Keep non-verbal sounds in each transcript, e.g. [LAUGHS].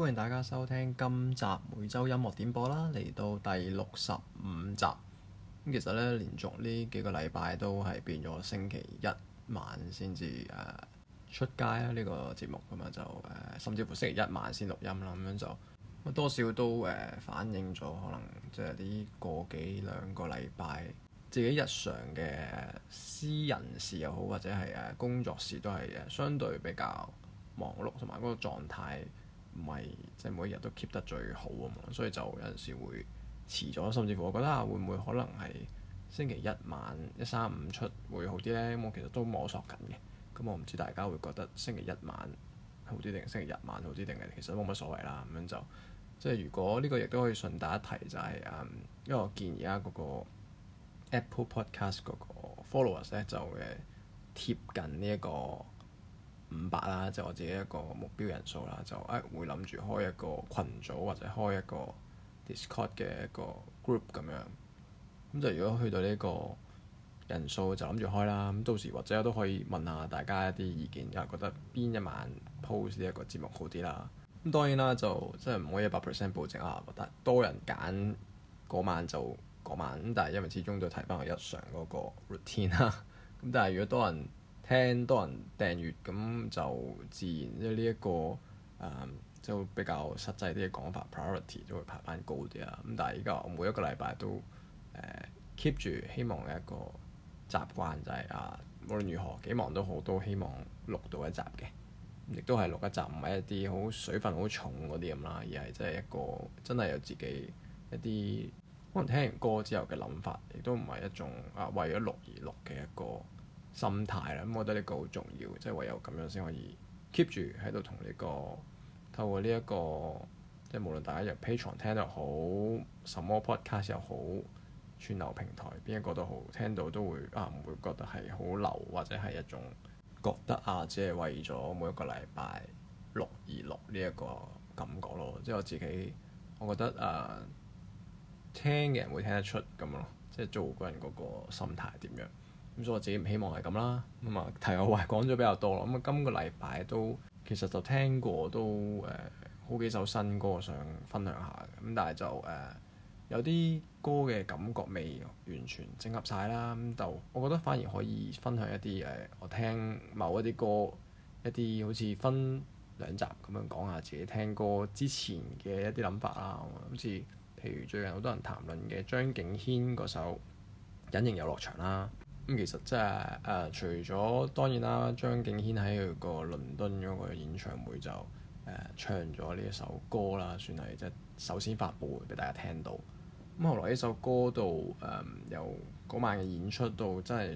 歡迎大家收聽今集每周音樂點播啦，嚟到第六十五集咁。其實咧，連續呢幾個禮拜都係變咗星期一晚先至誒出街啊。呢、這個節目咁啊、嗯，就誒、呃、甚至乎星期一晚先錄音啦。咁樣就多少都誒、呃、反映咗，可能即係呢個幾兩個禮拜自己日常嘅私人事又好，或者係誒工作事都係相對比較忙碌，同埋嗰個狀態。唔係即係每一日都 keep 得最好啊嘛。所以就有陣時會遲咗，甚至乎我覺得啊，會唔會可能係星期一晚一三五出會好啲呢？咁我其實都摸索緊嘅，咁、嗯、我唔知大家會覺得星期一晚好啲定星期日晚好啲定係其實冇乜所謂啦。咁樣就即係如果呢個亦都可以順帶一提就係、是、嗯，因為我見而家嗰個 Apple Podcast 嗰個 followers 咧就會貼近呢、這、一個五百啦，就係我自己一個目標人數啦，就誒會諗住開一個群組或者開一個 Discord 嘅一個 group 咁樣。咁就如果去到呢個人數，就諗住開啦。咁到時或者我都可以問下大家一啲意見，又覺得邊一晚 post 呢一個節目好啲啦。咁當然啦，就即係唔可以一百 percent 保證啊，但多人揀嗰晚就嗰晚。咁但係因為始終都要睇翻我日常嗰個 routine 啦。咁但係如果多人，聽多人訂閱，咁就自然即係呢一個誒，即、嗯、比較實際啲嘅講法，priority 持人持人都會排翻高啲啊。咁但係依家我每一個禮拜都誒 keep 住，呃、希望一個習慣就係、係、啊，無論如何幾忙都好，都希望錄到一集嘅，亦都係錄一集，唔係一啲好水分好重嗰啲咁啦，而係即係一個真係有自己一啲可能聽完歌之後嘅諗法，亦都唔係一種啊為咗錄而錄嘅一個。心態啦，咁我覺得呢個好重要，即係唯有咁樣先可以 keep 住喺度同呢個透過呢一個，即係無論大家入 Patreon 聽又好，什麼 podcast 又好，串流平台邊一個都好，聽到都會啊唔會覺得係好流或者係一種覺得啊，即係為咗每一個禮拜樂而樂呢一個感覺咯，即係我自己，我覺得啊，聽嘅人會聽得出咁咯，即係做個人個個心態係點樣。咁所以我自己唔希望係咁啦。咁、嗯、啊，題外話講咗比較多咯。咁、嗯、啊，今個禮拜都其實就聽過都誒好、呃、幾首新歌想分享下咁，但係就誒、呃、有啲歌嘅感覺未完全整合晒啦。咁、嗯、就我覺得反而可以分享一啲誒、呃、我聽某一啲歌一啲好似分兩集咁樣講下自己聽歌之前嘅一啲諗法啦，好似譬如最近好多人談論嘅張敬軒嗰首《隱形遊樂場》啦。咁、嗯、其實即係誒，除咗當然啦，張敬軒喺佢個倫敦嗰個演唱會就誒、呃、唱咗呢一首歌啦，算係即係首先發布俾大家聽到。咁、嗯、後來呢首歌度誒、呃，由嗰晚嘅演出到真係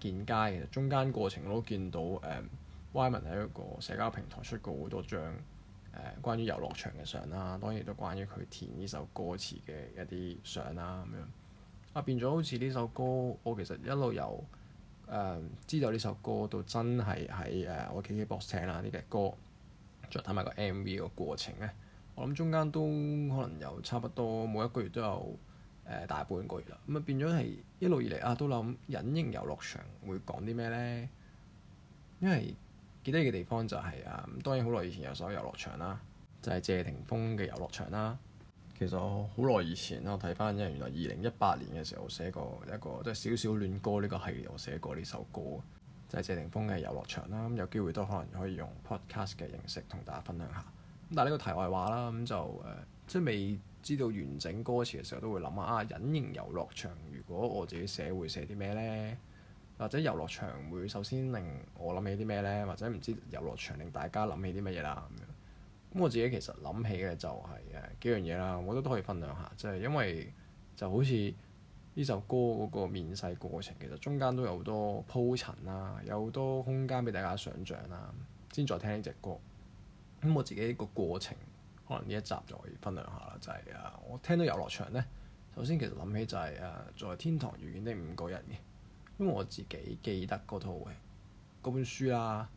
見街，其實中間過程我都見到誒，Wyman 喺一個社交平台出過好多張誒、呃、關於遊樂場嘅相啦，當然都關於佢填呢首歌詞嘅一啲相啦咁樣。啊，變咗好似呢首歌，我其實一路由誒、呃、知道呢首歌到真係喺誒我 KKBOX 聽啦呢隻歌，再睇埋個 M V 個過程咧，我諗中間都可能有差不多每一個月都有誒、呃、大半個月啦。咁、啊變咗係一路以嚟啊都諗隱形遊樂場會講啲咩咧？因為記得嘅地方就係、是、啊、呃，當然好耐以前有首遊樂場啦，就係、是、謝霆鋒嘅遊樂場啦。其實我好耐以前啦，我睇翻，因為原來二零一八年嘅時候寫過一個，即係少少戀歌呢個系列，我寫過呢首歌，即係謝霆鋒嘅遊樂場啦。咁有機會都可能可以用 podcast 嘅形式同大家分享下。但係呢個題外話啦，咁就、呃、即係未知道完整歌詞嘅時候都會諗下、啊，隱形遊樂場如果我自己寫會寫啲咩呢？或者遊樂場會首先令我諗起啲咩呢？或者唔知遊樂場令大家諗起啲乜嘢啦？咁我自己其實諗起嘅就係誒幾樣嘢啦，我覺得都可以分享下，就係、是、因為就好似呢首歌嗰個面世過程，其實中間都有好多鋪陳啦、啊，有好多空間俾大家想像啦、啊，先再聽呢隻歌。咁我自己個過程，可能呢一集就可以分享下啦，就係、是、啊，我聽到遊樂場咧，首先其實諗起就係啊，在天堂遇見的五個人嘅，因為我自己記得嗰套嘅嗰本書啦、啊，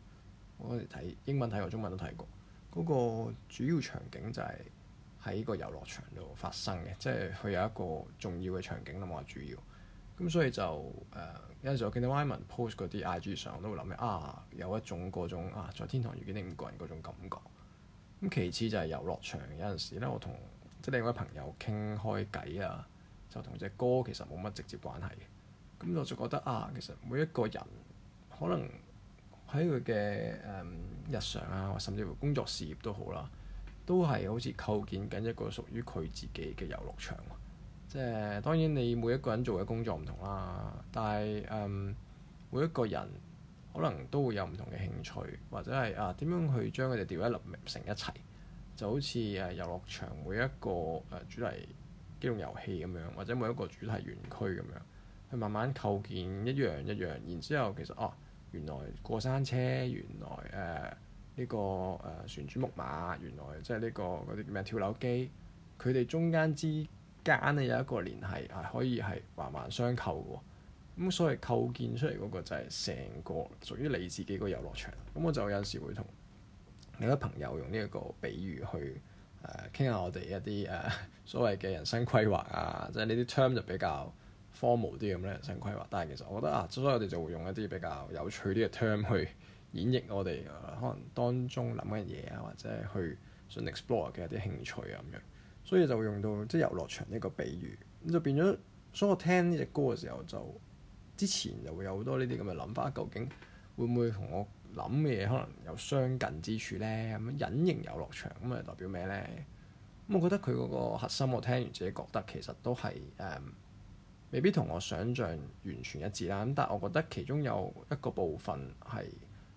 我哋睇英文睇過，中文都睇過。嗰個主要場景就係喺個遊樂場度發生嘅，即係佢有一個重要嘅場景啦嘛，主要。咁所以就、呃、有陣時我見到 Wyman post 嗰啲 IG 上，都會諗起啊有一種嗰種啊在天堂遇見你五個人嗰種感覺。咁其次就係遊樂場有陣時咧，我同即係另外位朋友傾開偈啊，就同隻歌其實冇乜直接關係嘅。咁我就覺得啊，其實每一個人可能。喺佢嘅誒日常啊，或甚至乎工作事業都好啦、啊，都係好似構建緊一個屬於佢自己嘅遊樂場、啊。即係當然你每一個人做嘅工作唔同啦、啊，但係誒、嗯、每一個人可能都會有唔同嘅興趣，或者係啊點樣去將佢哋調一粒成一齊，就好似誒、啊、遊樂場每一個誒、啊、主題機動遊戲咁樣，或者每一個主題園區咁樣，去慢慢構建一樣一樣，一樣，然之後其實哦。啊，原來過山車，原來誒呢、呃這個誒旋轉木馬，原來即係呢個嗰啲叫咩跳樓機，佢哋中間之間咧有一個聯繫，係、啊、可以係環環相扣喎。咁所謂構建出嚟嗰個就係成個屬於你自己個遊樂場。咁我就有時會同其他朋友用呢一個比喻去誒傾下我哋一啲誒、呃、所謂嘅人生規劃啊，即、就、係、是、呢啲 term 就比較，Formal 啲咁嘅人生規劃，但係其實我覺得啊，所以我哋就會用一啲比較有趣啲嘅 term 去演繹我哋、啊、可能當中諗嘅嘢啊，或者係去想 explore 嘅一啲興趣啊咁樣，所以就會用到即係、就是、遊樂場呢個比喻咁就變咗。所以我聽呢隻歌嘅時候就，就之前就會有好多呢啲咁嘅諗法，究竟會唔會同我諗嘅嘢可能有相近之處咧？咁隱形遊樂場咁係代表咩咧？咁我覺得佢嗰個核心，我聽完自己覺得其實都係誒。嗯未必同我想象完全一致啦，咁但係我覺得其中有一個部分係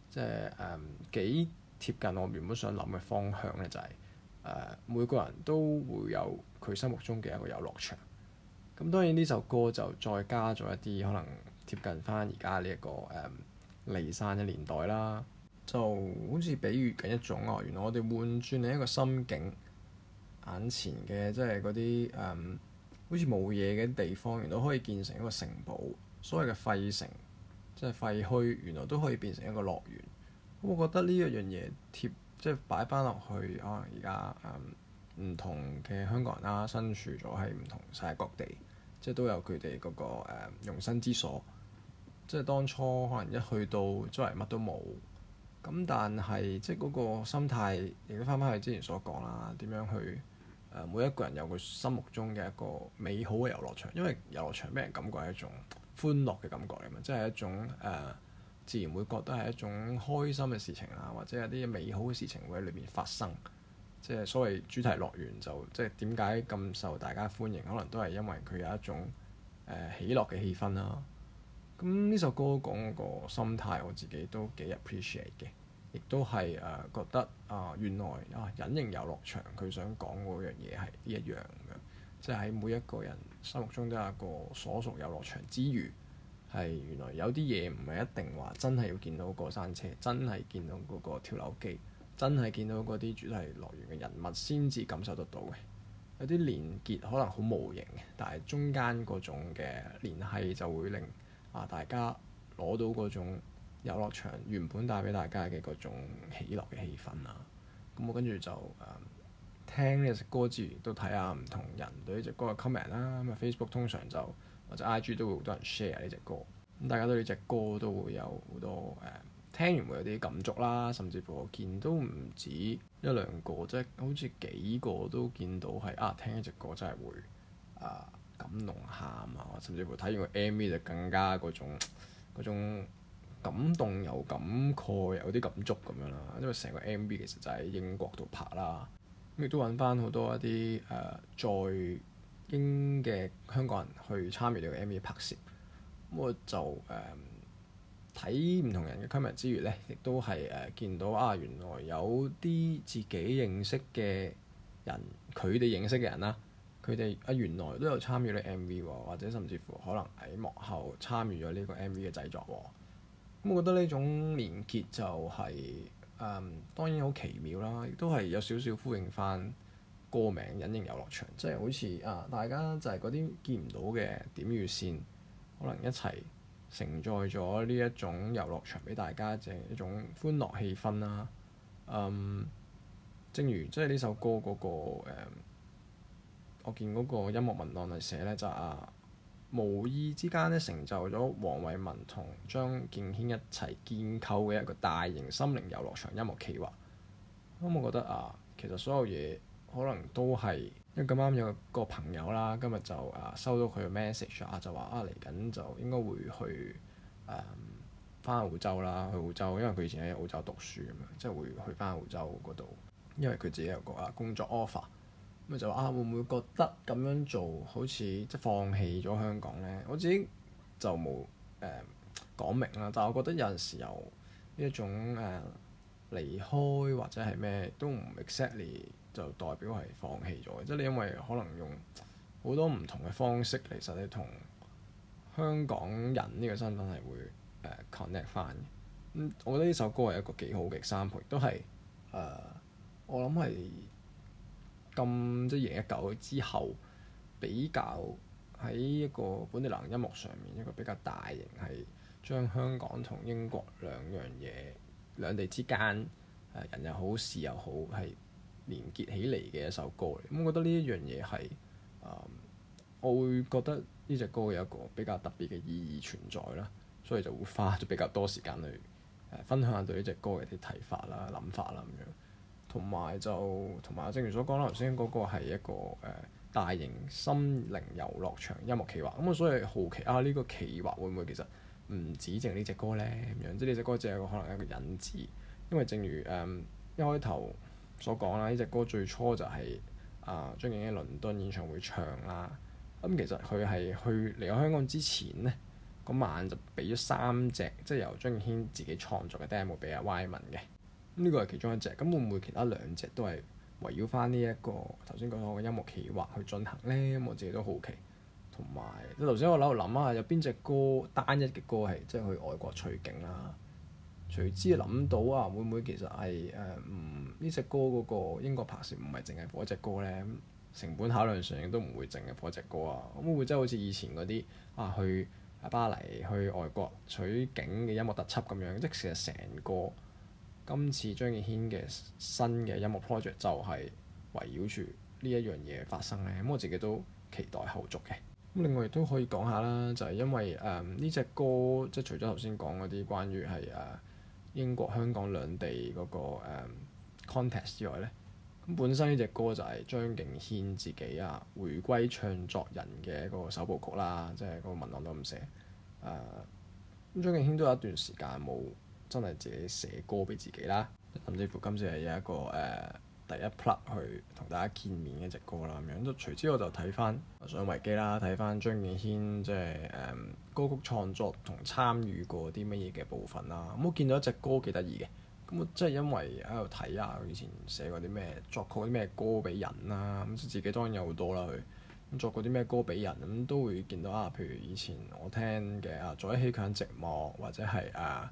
即係誒幾貼近我原本想諗嘅方向咧，就係誒每個人都會有佢心目中嘅一個遊樂場。咁當然呢首歌就再加咗一啲可能貼近翻而家呢一個誒離散嘅年代啦，就好似比喻緊一種啊，原來我哋換轉呢一個心境，眼前嘅即係嗰啲誒。好似冇嘢嘅地方，原來都可以建成一個城堡。所謂嘅廢城，即係廢墟，原來都可以變成一個樂園。我覺得呢一樣嘢貼，即係擺翻落去，可能而家唔同嘅香港人啦，身處咗喺唔同曬各地，即係都有佢哋嗰個、嗯、容身之所。即係當初可能一去到周圍乜都冇，咁但係即係嗰個心態，亦都翻翻去之前所講啦，點樣去？誒，每一個人有佢心目中嘅一個美好嘅遊樂場，因為遊樂場俾人感覺係一種歡樂嘅感覺嚟㗎，即係一種誒、呃，自然會覺得係一種開心嘅事情啊，或者有啲美好嘅事情會喺裏面發生。即係所謂主題樂園就即係點解咁受大家歡迎，可能都係因為佢有一種誒、呃、喜樂嘅氣氛啦。咁呢首歌講嗰個心態，我自己都幾 appreciate 嘅。亦都係誒覺得啊，原來啊隱形遊樂場佢想講嗰樣嘢係呢一樣嘅，即係喺每一個人心目中都有一個所屬遊樂場之餘，係原來有啲嘢唔係一定話真係要見到過山車，真係見到嗰個跳樓機，真係見到嗰啲主題樂園嘅人物先至感受得到嘅。有啲連結可能好無形，但係中間嗰種嘅聯繫就會令啊大家攞到嗰種。遊樂場原本帶俾大家嘅嗰種喜樂嘅氣氛啊。咁我跟住就誒、嗯、聽呢隻歌之餘都睇下唔同人對呢隻歌嘅 comment 啦、啊，咁、嗯、啊 Facebook 通常就或者 IG 都會好多人 share 呢隻歌，咁大家對呢隻歌都會有好多誒、嗯、聽完會有啲感觸啦，甚至乎我見都唔止一兩個，即係好似幾個都見到係啊聽呢隻歌真係會啊，感動喊啊，甚至乎睇完個 MV 就更加嗰種嗰種。感動又感慨，有啲感觸咁樣啦。因為成個 M.V. 其實就喺英國度拍啦，亦都揾翻好多一啲誒、呃、在英嘅香港人去參與呢個 M.V. 拍攝。咁我就誒睇唔同人嘅 comment 之餘呢，亦都係誒、呃、見到啊，原來有啲自己認識嘅人，佢哋認識嘅人啦，佢哋啊原來都有參與呢個 M.V. 或者甚至乎可能喺幕後參與咗呢個 M.V. 嘅製作。咁、嗯、覺得呢種連結就係、是、誒、嗯、當然好奇妙啦，亦都係有少少呼應翻歌名《隱形遊樂場》即，即係好似啊大家就係嗰啲見唔到嘅點與線，可能一齊承載咗呢一種遊樂場畀大家，即係一種歡樂氣氛啦、啊。嗯，正如即係呢首歌嗰、那個、嗯、我見嗰個音樂文案係寫咧，就是、啊。無意之間咧，成就咗黃偉文同張敬軒一齊建構嘅一個大型心靈遊樂場音樂企劃。咁我覺得啊，其實所有嘢可能都係，因為咁啱有個朋友啦，今日就啊收到佢嘅 message 啊，就話啊嚟緊就應該會去誒翻澳洲啦，去澳洲，因為佢以前喺澳洲讀書咁樣，即係會去翻澳洲嗰度，因為佢自己有個啊工作 offer。咪就啊，會唔會覺得咁樣做好似即係放棄咗香港咧？我自己就冇誒講明啦，但係我覺得有陣時有一種誒離、呃、開或者係咩都唔 exactly 就代表係放棄咗嘅，即係你因為可能用好多唔同嘅方式，其實，你同香港人呢個身份係會誒、呃、connect 翻嘅。咁、嗯、我覺得呢首歌係一個幾好嘅三倍，都係誒，我諗係。咁即係贏一九之後，比較喺一個本地流行音樂上面，一個比較大型係將香港同英國兩樣嘢兩地之間誒、呃、人又好事又好係連結起嚟嘅一首歌嚟。咁我覺得呢一樣嘢係誒，我會覺得呢隻歌有一個比較特別嘅意義存在啦，所以就會花咗比較多時間去誒、呃、分享下對呢隻歌嘅啲睇法啦、諗法啦咁樣。同埋就同埋，正如所講啦，頭先嗰個係一個誒大型心靈遊樂場音樂企劃咁啊，所以好奇啊，呢、呢個企劃會唔會其實唔止淨係呢隻歌咧？咁樣即係呢隻歌只係一個可能一個引子，因為正如誒、嗯、一開頭所講啦，呢隻歌最初就係啊張敬軒喺倫敦演唱會唱啦。咁其實佢係去離開香港之前咧，嗰晚就俾咗三隻即係由張敬軒自己創作嘅 demo 俾阿 Y 文嘅。呢個係其中一隻，咁會唔會其他兩隻都係圍繞翻呢一個頭先講嘅音樂企劃去進行呢？我自己都好奇，同埋你頭先我喺度諗下，有邊隻歌單一嘅歌係即係去外國取景啦？隨之諗到啊，會唔會其實係誒唔呢隻歌嗰個英國拍攝唔係淨係火一隻歌呢？成本考量上都唔會淨係火一隻歌會會啊？會唔會即係好似以前嗰啲啊去巴黎去外國取景嘅音樂特輯咁樣，即係成個？今次張敬軒嘅新嘅音樂 project 就係圍繞住呢一樣嘢發生咧，咁我自己都期待後續嘅。咁另外亦都可以講下啦，就係、是、因為誒呢隻歌，即係除咗頭先講嗰啲關於係誒英國香港兩地嗰、那個、嗯、contest 之外咧，咁本身呢隻歌就係張敬軒自己啊回歸唱作人嘅一個首部曲啦，即、就、係、是、個文案都咁寫。誒、嗯、咁張敬軒都有一段時間冇。真係自己寫歌俾自己啦，甚至乎今次係有一個誒、呃、第一 plug 去同大家見面嘅一隻歌啦。咁樣咁隨之我就睇翻上維基啦，睇翻張敬軒即係誒歌曲創作同參與過啲乜嘢嘅部分啦。咁、嗯、我見到一隻歌幾得意嘅，咁我真係、就是、因為喺度睇下佢以前寫過啲咩作曲啲咩歌俾人啦，咁、嗯、自己當然有好多啦。佢咁作過啲咩歌俾人咁、嗯、都會見到啊。譬如以前我聽嘅啊，《在一起強寂寞》或者係啊。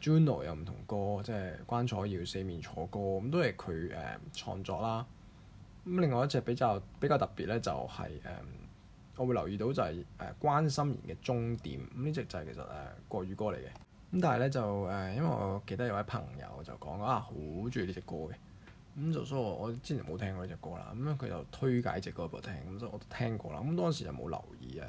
Juno 有唔同歌，即係《關楚耀四面楚歌》，咁都係佢誒創作啦。咁另外一隻比較比較特別咧，就係、是、誒、嗯，我會留意到就係誒關心妍嘅《終點》，嗯，咁呢隻就係其實誒國語歌嚟嘅。咁、嗯、但係咧就誒、嗯，因為我記得有位朋友就講啊，好中意呢隻歌嘅。咁就、嗯就嗯、所以我之前冇聽過呢隻歌啦。咁佢就推介隻歌俾我聽，咁所以我都聽過啦。咁、嗯、當時就冇留意誒、啊、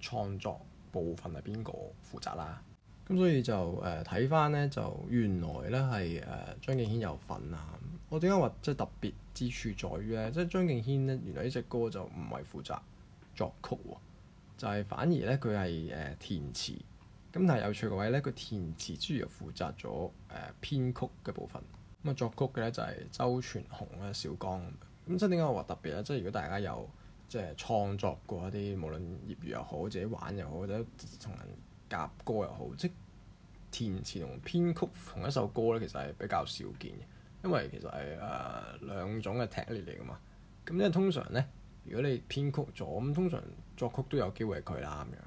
創作部分係邊個負責啦。咁所以就誒睇翻咧，就原來咧係誒張敬軒有份啊！我點解話即係特別之處在於咧？即、就、係、是、張敬軒咧，原來呢隻歌就唔係負責作曲喎、啊，就係、是、反而咧佢係誒填詞。咁但係有趣嘅位咧，佢填詞之餘又負責咗誒、呃、編曲嘅部分、啊。咁啊作曲嘅咧就係周傳雄咧、小剛咁。咁即係點解我話特別咧？即、就、係、是、如果大家有即係、就是、創作過一啲，無論業餘又好，自己玩又好，或者同人。夾歌又好，即填詞同編曲同一首歌咧，其實係比較少見嘅，因為其實係誒、呃、兩種嘅 technique 嚟㗎嘛。咁即係通常咧，如果你編曲咗，咁通常作曲都有機會係佢啦咁樣。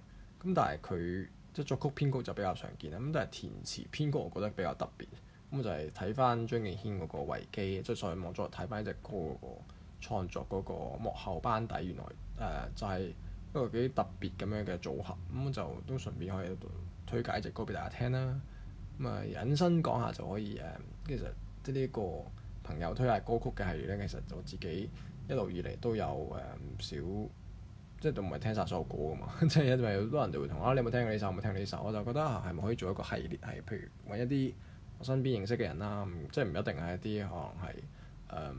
咁但係佢即係作曲編曲就比較常見啦。咁都係填詞編曲，我覺得比較特別。咁就係睇翻張敬軒嗰個維基，即、就、係、是、上網咗睇翻呢隻歌嗰個創作嗰個幕後班底，原來誒、呃、就係、是。一個幾特別咁樣嘅組合，咁就都順便可以推介一隻歌俾大家聽啦。咁啊，引申講下就可以誒。其實即係呢個朋友推介歌曲嘅系列咧，其實我自己一路以嚟都有誒唔、嗯、少，即係都唔係聽晒所有歌噶嘛。即係因為好多人就會同我話：你有冇聽過呢首？有冇聽呢首？我就覺得啊，係咪可以做一個系列？係譬如揾一啲我身邊認識嘅人啦，即係唔一定係一啲可能係誒、嗯、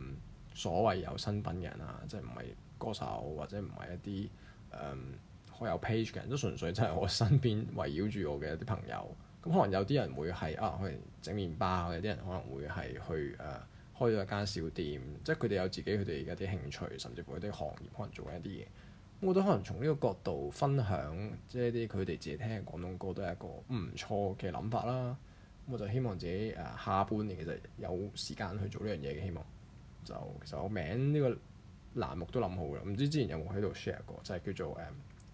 所謂有身份嘅人啊，即係唔係歌手或者唔係一啲。誒，好、嗯、有 page 嘅人都純粹真係我身邊圍繞住我嘅一啲朋友，咁、嗯、可能有啲人會係啊可能整麵包，有啲人可能會係去誒、啊、開咗一間小店，即係佢哋有自己佢哋嘅一啲興趣，甚至乎一啲行業可能做緊一啲嘢。咁我都可能從呢個角度分享，即係啲佢哋自己聽嘅廣東歌都係一個唔錯嘅諗法啦。咁我就希望自己誒、啊、下半年其實有時間去做呢樣嘢嘅，希望就其實我名呢、這個欄目都諗好啦，唔知之前有冇喺度 share 過，就係、是、叫做誒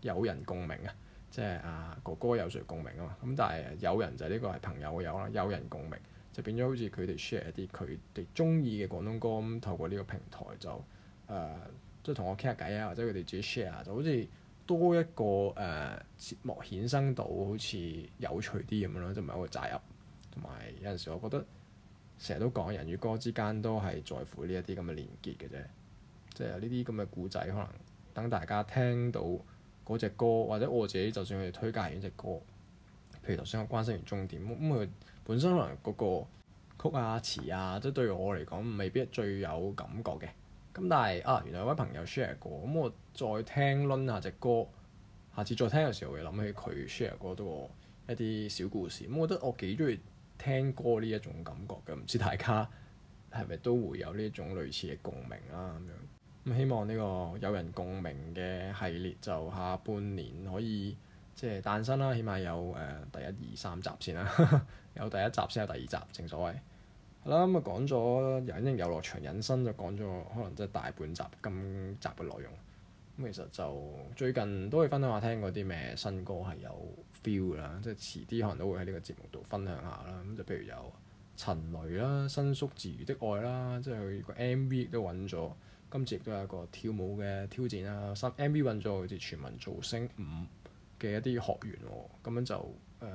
友、呃、人共鳴啊，即係啊哥哥有誰共鳴啊嘛。咁但係友人就係呢個係朋友嘅友啦，友人共鳴就變咗好似佢哋 share 一啲佢哋中意嘅廣東歌咁、嗯，透過呢個平台就誒即係同我傾下偈啊，或者佢哋自己 share 就好似多一個誒、呃、節目衍生到好似有趣啲咁樣咯，就唔係一個責任同埋有陣時，我覺得成日都講人與歌之間都係在乎呢一啲咁嘅連結嘅啫。即係呢啲咁嘅故仔，可能等大家聽到嗰隻歌，或者我自己就算去推介完隻歌，譬如頭先我關心完終點，咁佢本身可能嗰個曲啊詞啊，即係對我嚟講未必最有感覺嘅。咁但係啊，原來有位朋友 share 過，咁我再聽攆下隻歌，下次再聽嘅時候會諗起佢 share 過多一啲小故事。咁我覺得我幾中意聽歌呢一種感覺嘅，唔知大家係咪都會有呢一種類似嘅共鳴啦、啊、咁樣。咁希望呢個有人共鳴嘅系列就下半年可以即係、就是、誕生啦，起碼有誒、呃、第一二三集先啦， [LAUGHS] 有第一集先有第二集，正所謂係啦。咁 [LAUGHS] 啊、嗯、講咗隱形遊樂場引申，就講咗可能即係大半集今集嘅內容。咁、嗯、其實就最近都可以分享下聽過啲咩新歌係有 feel 啦，即係遲啲可能都會喺呢個節目度分享下啦。咁就譬如有陳蕾啦，《伸縮自如的愛》啦，即係佢個 M V 都揾咗。今次亦都有一個跳舞嘅挑戰啦，三 MV 運作好似全民造星五嘅一啲學員喎，咁樣就誒、呃，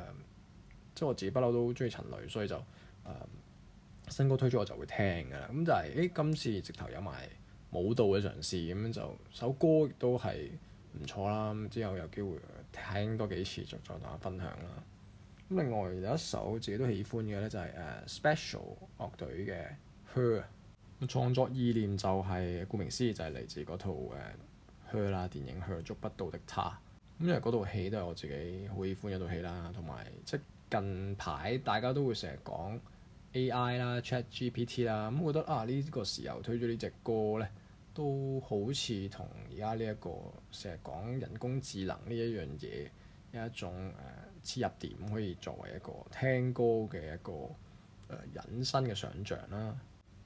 即係我自己不嬲都中意陳蕾，所以就誒、呃、新歌推出我就會聽㗎啦。咁就係誒今次直頭有埋舞蹈嘅嘗試，咁樣就首歌亦都係唔錯啦。之後有機會聽多幾次，就再同大家分享啦。咁另外有一首自己都喜歡嘅咧、就是，就係誒 Special 樂隊嘅 Her。創作意念就係顧名思義就係嚟自嗰套誒《Her》啦，電影《觸不到的她》。咁因為嗰套戲都係我自己好喜歡一套戲啦，同埋即係近排大家都會成日講 AI 啦、ChatGPT 啦，咁、嗯、覺得啊呢個時候推咗呢隻歌咧，都好似同而家呢一個成日講人工智能呢一樣嘢，有一種誒切、uh，入點，可以作為一個聽歌嘅一個誒引申嘅想像啦。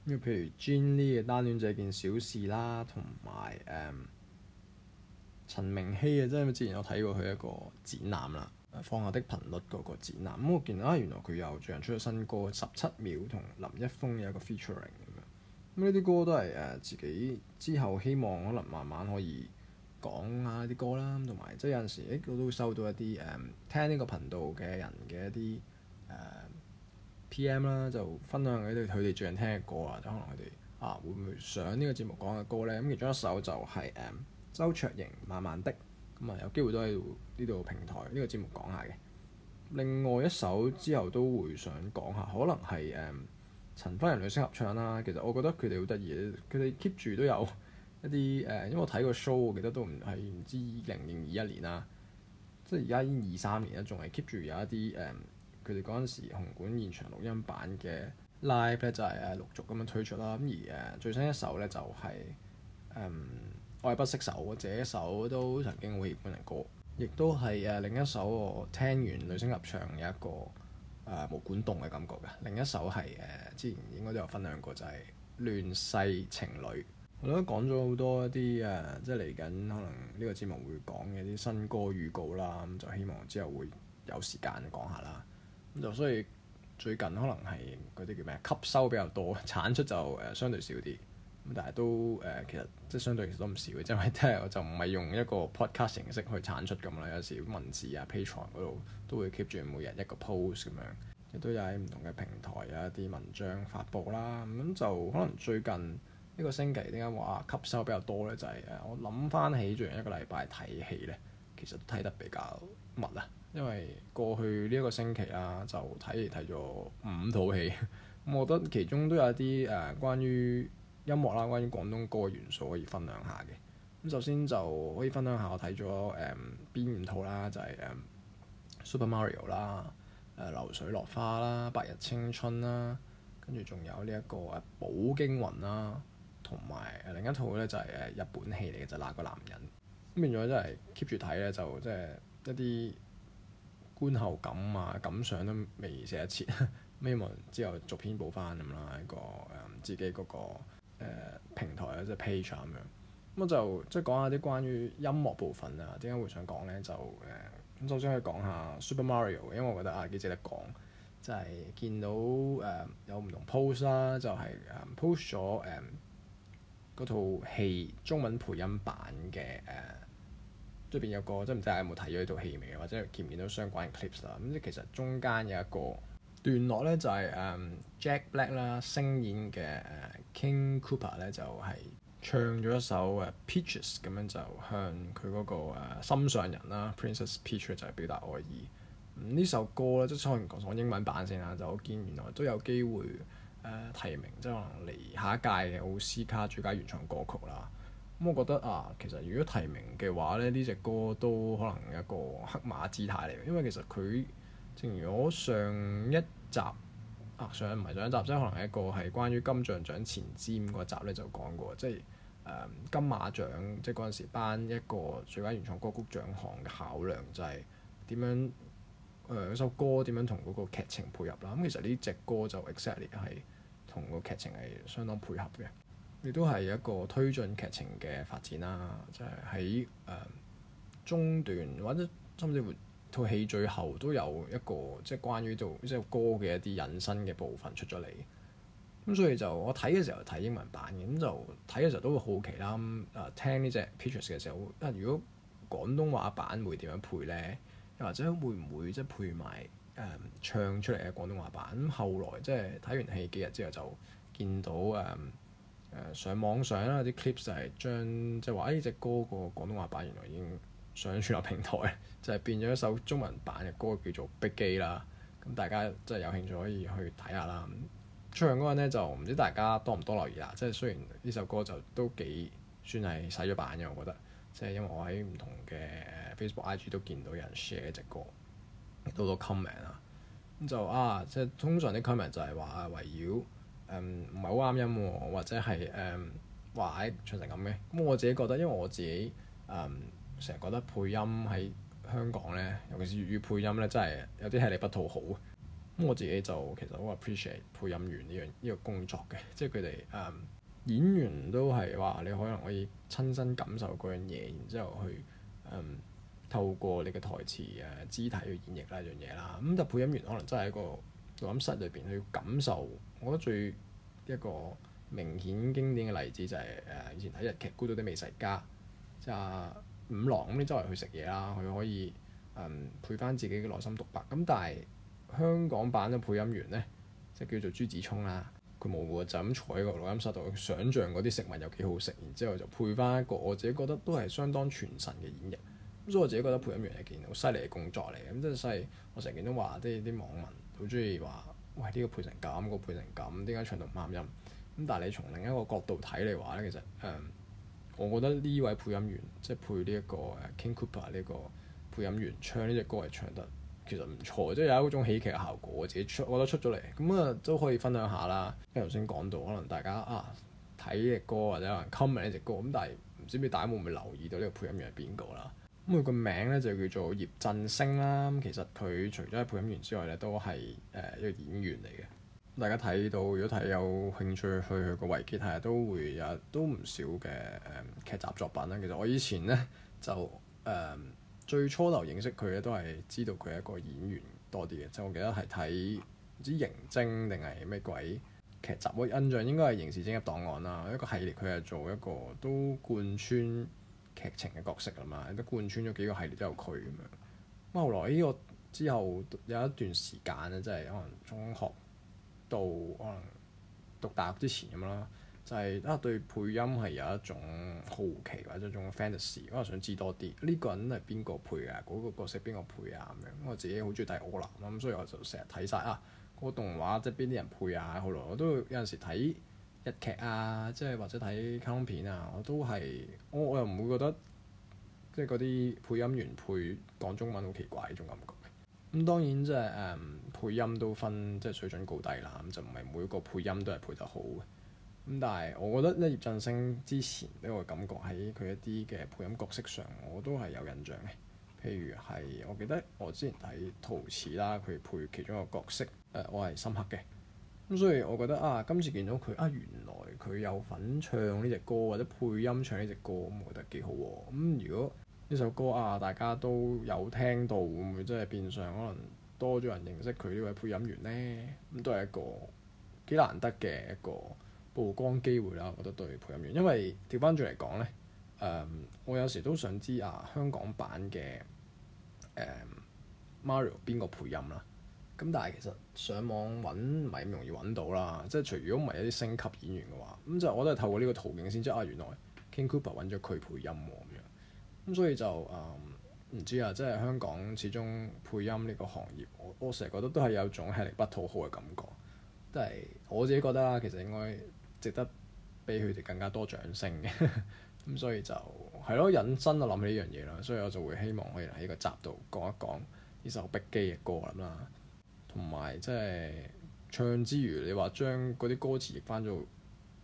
咁譬如 Gin Lee 嘅單戀這件小事啦，同埋誒陳明憙嘅，即係之前我睇過佢一個展覽啦，《放下的頻率》嗰個展覽。咁我見到、啊，原來佢又最近出咗新歌《十七秒》，同林一峰有一個 featuring 咁樣。咁呢啲歌都係誒、啊、自己之後希望可能慢慢可以講下啲歌啦，同埋即係有陣時誒、欸、我都會收到一啲誒、嗯、聽呢個頻道嘅人嘅一啲誒。嗯 P.M. 啦，就分享佢哋最近聽嘅歌啊，就可能佢哋啊會唔會上呢個節目講嘅歌咧？咁其中一首就係、是、誒、嗯、周卓盈《慢慢的》，咁、嗯、啊有機會都喺呢度平台呢、這個節目講下嘅。另外一首之後都會想講下，可能係誒、嗯、陳輝陽女聲合唱啦。其實我覺得佢哋好得意，佢哋 keep 住都有一啲誒、嗯，因為我睇過 show，我記得都唔係唔知二零零二一年啦，即係而家已經二三年啦，仲係 keep 住有一啲誒。嗯佢哋嗰陣時紅館現場錄音版嘅 live 咧，就係、是、誒陸續咁樣推出啦。咁而誒最新一首咧就係、是、誒、嗯《愛不釋手》。這一首都曾經會本人歌，亦都係誒、啊、另一首我聽完女聲入場嘅一個誒、啊、毛管戙嘅感覺嘅。另一首係誒、啊、之前應該都有分享過，就係、是《亂世情侶》。我覺得講咗好多一啲誒、啊，即係嚟緊可能呢個節目會講嘅啲新歌預告啦。咁就希望之後會有時間講下啦。就所以最近可能係嗰啲叫咩吸收比較多，產出就誒、呃、相對少啲。咁但係都誒、呃、其實即係相對其實都唔少嘅，即係因為我就唔係用一個 podcast 形式去產出咁啦，有時文字啊 patreon 嗰度都會 keep 住每日一個 post 咁樣，亦都有喺唔同嘅平台有啲文章發布啦。咁就可能最近呢個星期點解話吸收比較多咧？就係、是、誒、呃、我諗翻起最近一個禮拜睇戲咧，其實睇得比較密啊。因為過去呢一個星期啦，就睇嚟睇咗五套戲，咁、嗯、 [LAUGHS] 我覺得其中都有一啲誒、呃、關於音樂啦，關於廣東歌嘅元素可以分享下嘅。咁首先就可以分享下我睇咗誒邊五套啦，就係、是嗯、Super Mario 啦、啊、誒流水落花啦、白日青春啦，跟住仲有呢一個誒《寶經雲》啦、啊，同埋另一套咧就係誒日本戲嚟嘅就是《那個男人》。咁變咗真係 keep 住睇咧，就即係一啲，觀後感啊，感想都未寫得切，咩 [LAUGHS] 冇之後逐篇補翻咁啦，喺、那個誒、呃、自己嗰、那個、呃、平台啊，即、就、係、是、page 咁樣。咁我就即係講下啲關於音樂部分啊，點解會想講咧？就誒，首、呃、先可以講下 Super Mario，因為我覺得啊幾值得講，就係、是、見到誒、呃、有唔同 post 啦，就係、是、誒 post 咗誒嗰套戲中文配音版嘅誒。呃出邊有個，知唔知大家有冇睇咗呢套戲未啊？或者見唔見到相關嘅 clips 啦？咁即其實中間有一個段落咧、就係，就係誒 Jack Black 啦，聲演嘅、uh, King Cooper 咧，就係唱咗一首誒 Peaches，咁樣就向佢嗰、嗰個、uh, 心上人啦，Princess Peach 就係表達愛意。呢、嗯、首歌咧，即係唱完講英文版先啦，就我見原來都有機會誒、uh, 提名，即係可能嚟下一屆嘅奧斯卡最佳原創歌曲啦。咁我覺得啊，其實如果提名嘅話咧，呢隻歌都可能一個黑馬姿態嚟，因為其實佢正如我上一集啊，上唔係上一集，即可能係一個係關於金像獎前瞻嗰集咧，就講過，即係、呃、金馬獎即係嗰陣時頒一個最佳原創歌曲獎項嘅考量就，就係點樣誒首歌點樣同嗰個劇情配合啦。咁、嗯、其實呢隻歌就 exactly 係同個劇情係相當配合嘅。亦都係一個推進劇情嘅發展啦，即係喺誒中段或者甚至乎套戲最後都有一個即係、就是、關於做即係歌嘅一啲引申嘅部分出咗嚟。咁所以就我睇嘅時候睇英文版嘅，咁就睇嘅時候都會好奇啦。啊、嗯，聽呢隻 Peaches 嘅時候、嗯，如果廣東話版會點樣配咧？又或者會唔會即係配埋誒、嗯、唱出嚟嘅廣東話版？咁、嗯、後來即係睇完戲幾日之後就見到誒。嗯呃、上網上啦，啲 clip 就係將即係話，哎，隻歌個廣東話版原來已經上咗主流平台， [LAUGHS] 就係變咗一首中文版嘅歌，叫做《壁機》啦。咁大家即係有興趣可以去睇下啦。唱嗰個呢，就唔知大家多唔多留意啦。即係雖然呢首歌就都幾算係洗咗版嘅，我覺得。即係因為我喺唔同嘅 Facebook、IG 都見到有人 share 隻歌，都多 comment 啊。咁就啊，即係通常啲 comment 就係話啊，圍繞。唔係好啱音，或者係誒話唱成咁嘅。咁、嗯、我自己覺得，因為我自己成日、嗯、覺得配音喺香港呢，尤其是粵語配音呢，真係有啲吃力不討好。咁、嗯、我自己就其實好 appreciate 配音員呢樣呢個工作嘅，即係佢哋誒演員都係話你可能可以親身感受嗰樣嘢，然之後去、嗯、透過你嘅台詞誒肢體去演繹嗰一樣嘢啦。咁、嗯、就配音員可能真係一個錄音室裏邊去感受。我覺得最一個明顯經典嘅例子就係誒以前睇日劇《孤獨的美食家》，即係五郎咁，你周圍去食嘢啦，佢可以配翻自己嘅內心獨白。咁但係香港版嘅配音員呢，即係叫做朱子聰啦，佢冇喎，就咁坐喺個錄音室度，想象嗰啲食物有幾好食，然之後就配翻一個我自己覺得都係相當傳神嘅演員。咁所以我自己覺得配音員係件好犀利嘅工作嚟嘅。咁即係我成日都見到話，即係啲啲網民好中意話。喂，呢個配成咁，個配成咁，點解唱到唔啱音？咁但係你從另一個角度睇嚟話咧，其實誒、嗯，我覺得呢位配音員，即係配呢一個誒 King Cooper 呢個配音員唱呢隻歌係唱得其實唔錯，即係有一種喜劇效果，我自己出，我覺得出咗嚟，咁啊都可以分享下啦。因為頭先講到，可能大家啊睇呢隻歌或者有人 comment 呢隻歌，咁但係唔知唔知大家會唔會留意到呢個配音員係邊個啦？咁佢個名咧就叫做葉振聲啦。其實佢除咗係配音員之外咧，都係誒一個演員嚟嘅。大家睇到，如果睇有興趣去佢個維基，係都會有都唔少嘅誒、嗯、劇集作品啦。其實我以前咧就誒、嗯、最初流認識佢咧，都係知道佢係一個演員多啲嘅。即係、我記得係睇唔知刑警定係咩鬼劇集，我印象應該係刑事偵緝檔案啦，一個系列佢係做一個都貫穿。劇情嘅角色啊嘛，都貫穿咗幾個系列都有佢咁樣。咁後來呢個之後有一段時間咧，即係可能中學到可能讀大學之前咁啦，就係啊對配音係有一種好奇或者一種 fantasy，我想知多啲呢個人係邊個配㗎，嗰個角色邊個配啊咁樣。我自己好中意睇柯南，咁所以我就成日睇曬啊個動畫即係邊啲人配啊，後來我都有陣時睇。日劇啊，即係或者睇卡通片啊，我都係我我又唔會覺得即係嗰啲配音員配講中文好奇怪呢種感覺咁、嗯、當然即係誒配音都分即係水準高低啦，咁就唔係每一個配音都係配得好嘅。咁、嗯、但係我覺得一葉振聲之前俾我感覺喺佢一啲嘅配音角色上，我都係有印象嘅。譬如係我記得我之前睇陶瓷啦，佢配其中一個角色，誒、呃、我係深刻嘅。咁所以我覺得啊，今次見到佢啊，原來佢有份唱呢隻歌或者配音唱呢隻歌，咁我覺得幾好咁、啊嗯、如果呢首歌啊，大家都有聽到，會唔會真係變相可能多咗人認識佢呢位配音員咧？咁、嗯、都係一個幾難得嘅一個曝光機會啦。我覺得對配音員，因為調翻轉嚟講咧，誒、嗯，我有時都想知啊，香港版嘅誒、嗯、Mario 邊個配音啦。咁但係其實上網揾唔係咁容易揾到啦，即係除如果唔係一啲星級演員嘅話，咁就我都係透過呢個途徑先知啊，原來 King Cooper 揾咗佢配音喎、喔，咁樣，咁所以就誒唔、嗯、知啊，即係香港始終配音呢個行業，我我成日覺得都係有種吃力不討好嘅感覺，即係我自己覺得啦。其實應該值得俾佢哋更加多掌聲嘅咁， [LAUGHS] 所以就係咯，引申我諗起呢樣嘢啦，所以我就會希望可以喺個集度講一講呢首《碧姬》嘅歌啦。同埋即係唱之餘，你話將嗰啲歌詞譯翻做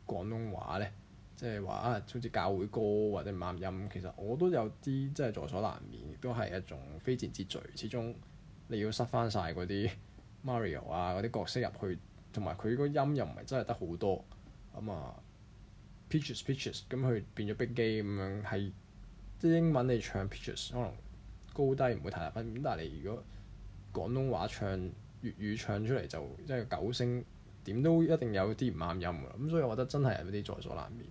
廣東話咧，即係話啊，好似教會歌或者唔啱音，其實我都有啲即係在所難免，亦都係一種非戰之罪。始終你要塞翻晒嗰啲 Mario 啊嗰啲角色入去，同埋佢個音又唔係真係得好多咁啊。Peaches Peaches，咁佢變咗 Big Game，咁樣係，即係英文你唱 Peaches 可能高低唔會太大分別，但係你如果廣東話唱，粵語唱出嚟就即係九聲點都一定有啲唔啱音㗎啦，咁所以我覺得真係有啲在所難免。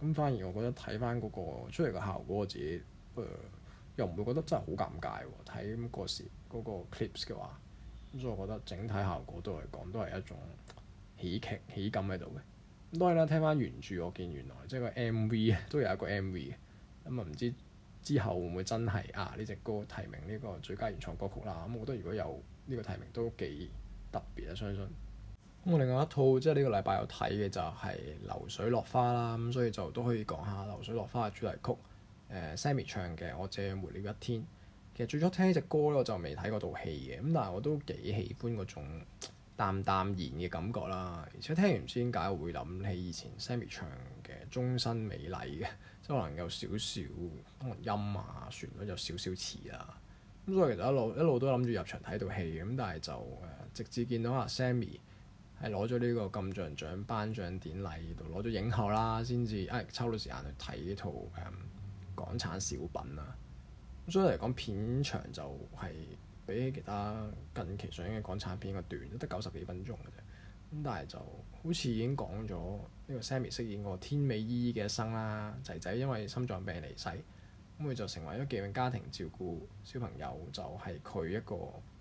咁反而我覺得睇翻嗰個出嚟嘅效果，我自己誒、呃、又唔會覺得真係好尷尬喎。睇咁嗰時嗰、嗰個 clips 嘅話，咁所以我覺得整體效果都嚟講都係一種喜劇喜感喺度嘅。當然啦，聽翻原著，我見原來即係個 MV 都有一個 MV 咁、嗯、啊唔知。之後會唔會真係啊呢隻歌提名呢、這個最佳原創歌曲啦？咁、嗯、我覺得如果有呢個提名都幾特別啊！相信咁我另外一套即係呢個禮拜有睇嘅就係、是《流水落花》啦，咁、嗯、所以就都可以講下《流水落花》嘅主題曲誒、呃、Sammi 唱嘅《我借了你一天》。其實最初聽呢隻歌咧，我就未睇過套戲嘅，咁但係我都幾喜歡嗰種淡淡然嘅感覺啦。而且聽完先解，會諗起以前 Sammi 唱。終身美麗嘅，即係可能有少少音啊、旋律有少少似啊。咁所以其實一路一路都諗住入場睇套戲，咁但係就誒直至見到阿 Sammy 係攞咗呢個金像獎頒獎典禮度攞咗影后啦，先至誒抽到時間去睇呢套誒港產小品啊。咁所以嚟講，片長就係比起其他近期上映嘅港產片個短，得九十幾分鐘嘅啫。咁但係就好似已經講咗。呢個 Sammy 飾演過天美姨姨嘅一生啦，仔仔因為心臟病離世，咁佢就成為咗寄養家庭照顧小朋友，就係佢一個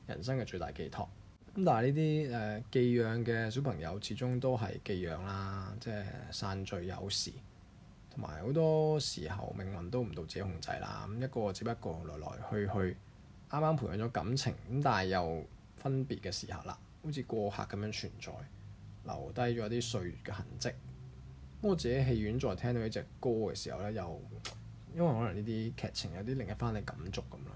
人生嘅最大寄託。咁但係呢啲誒寄養嘅小朋友始終都係寄養啦，即係散聚有時，同埋好多時候命運都唔到自己控制啦。咁一個只不過來來去去啱啱培養咗感情，咁但係又分別嘅時候啦，好似過客咁樣存在，留低咗啲歲月嘅痕跡。我自己戲院再聽到呢隻歌嘅時候咧，又因為可能呢啲劇情有啲另一番嘅感觸咁啦。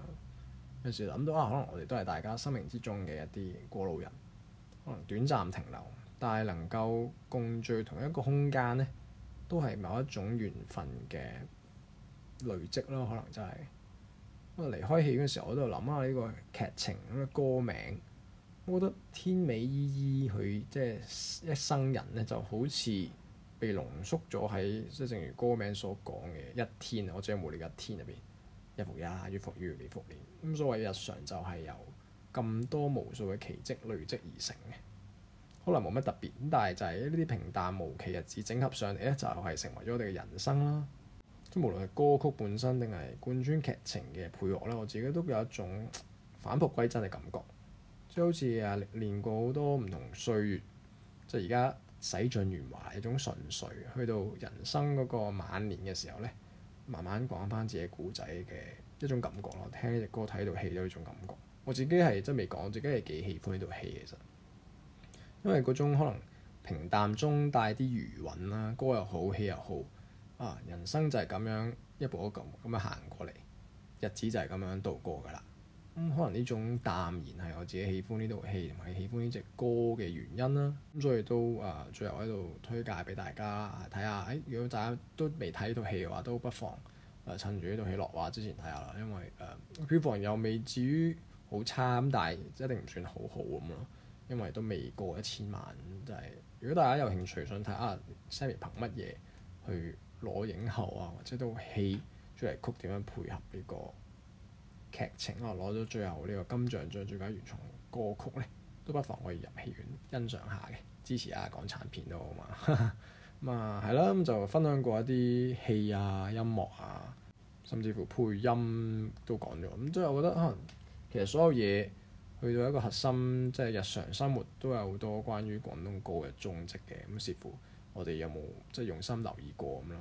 有時諗到啊，可能我哋都係大家生命之中嘅一啲過路人，可能短暫停留，但係能夠共聚同一個空間咧，都係某一種緣分嘅累積咯。可能就係我離開戲院嘅時候，我都諗下呢個劇情咁嘅歌名，我覺得天美依依佢即係一生人咧，就好似～被濃縮咗喺即係，正如歌名所講嘅一天，我只係冇你嘅一天入邊，一復一，月復月，年復年。咁所謂日常就係由咁多無數嘅奇蹟累積而成嘅，可能冇乜特別咁，但係就係呢啲平淡無奇日子整合上嚟咧，就係、是、成為咗我哋嘅人生啦。即係無論係歌曲本身定係貫穿劇情嘅配樂咧，我自己都有一種反璞歸真嘅感覺，即、就、係、是、好似啊練過好多唔同歲月，即係而家。洗盡鉛華，一種純粹去到人生嗰個晚年嘅時候咧，慢慢講翻自己古仔嘅一種感覺咯。聽呢隻歌睇呢套戲都有一種感覺，我自己係真未講，自己係幾喜歡呢套戲其實，因為嗰種可能平淡中帶啲餘韻啦，歌又好，戲又好啊。人生就係咁樣一步一步咁樣行過嚟，日子就係咁樣度過㗎啦。咁、嗯、可能呢種淡然係我自己喜歡呢套戲同埋喜歡呢隻歌嘅原因啦。咁、嗯、所以都啊、呃，最後喺度推介俾大家睇下。誒、哎，如果大家都未睇呢套戲嘅話，都不妨啊、呃、趁住呢套戲落畫之前睇下啦。因為誒票房又未至於好差，咁但係一定唔算好好咁咯。因為都未過一千萬，就係、是、如果大家有興趣想睇啊，Sammi 憑乜嘢去攞影后啊，或者套戲主題曲點樣配合呢、這個劇情可攞咗最後呢個金像獎最佳原創歌曲咧，都不妨可以入戲院欣賞下嘅，支持下港產片都好嘛。咁 [LAUGHS] 啊、嗯，係啦，咁就分享過一啲戲啊、音樂啊，甚至乎配音都講咗。咁即係我覺得可能、嗯、其實所有嘢去到一個核心，即、就、係、是、日常生活都有好多關於廣東歌嘅蹤跡嘅。咁視乎我哋有冇即係用心留意過咁啦。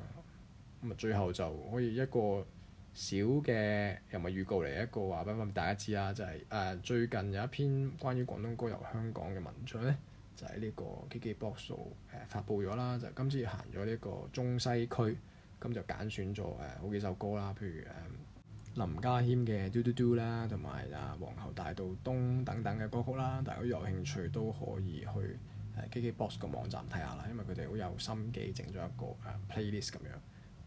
咁啊，最後就可以一個。小嘅又咪預告嚟一個話，畀大家知啦，就係、是、誒、呃、最近有一篇關於廣東歌遊香港嘅文章咧，就喺呢個 KKBOX 誒、呃、發布咗啦，就今次行咗呢個中西區，咁就揀選咗誒、呃、好幾首歌啦，譬如誒、呃、林家謙嘅 Do Do Do 啦，同埋啊皇后大道東等等嘅歌曲啦，大家有興趣都可以去誒、呃、KKBOX 個網站睇下啦，因為佢哋好有心機整咗一個誒、呃、playlist 咁樣。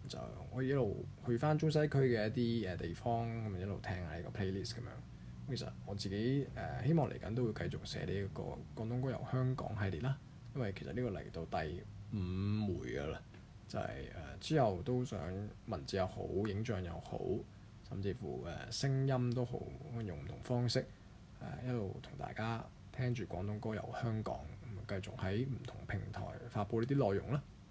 就我一路去翻中西區嘅一啲誒地方咁啊，一路聽下呢個 playlist 咁樣。其實我自己誒、呃、希望嚟緊都會繼續寫呢、這個廣東歌遊香港系列啦，因為其實呢個嚟到第五回噶啦，就係、是、誒、呃、之後都想文字又好、影像又好，甚至乎誒聲、呃、音都好，用唔同方式誒、呃、一路同大家聽住廣東歌遊香港，繼續喺唔同平台發布呢啲內容啦。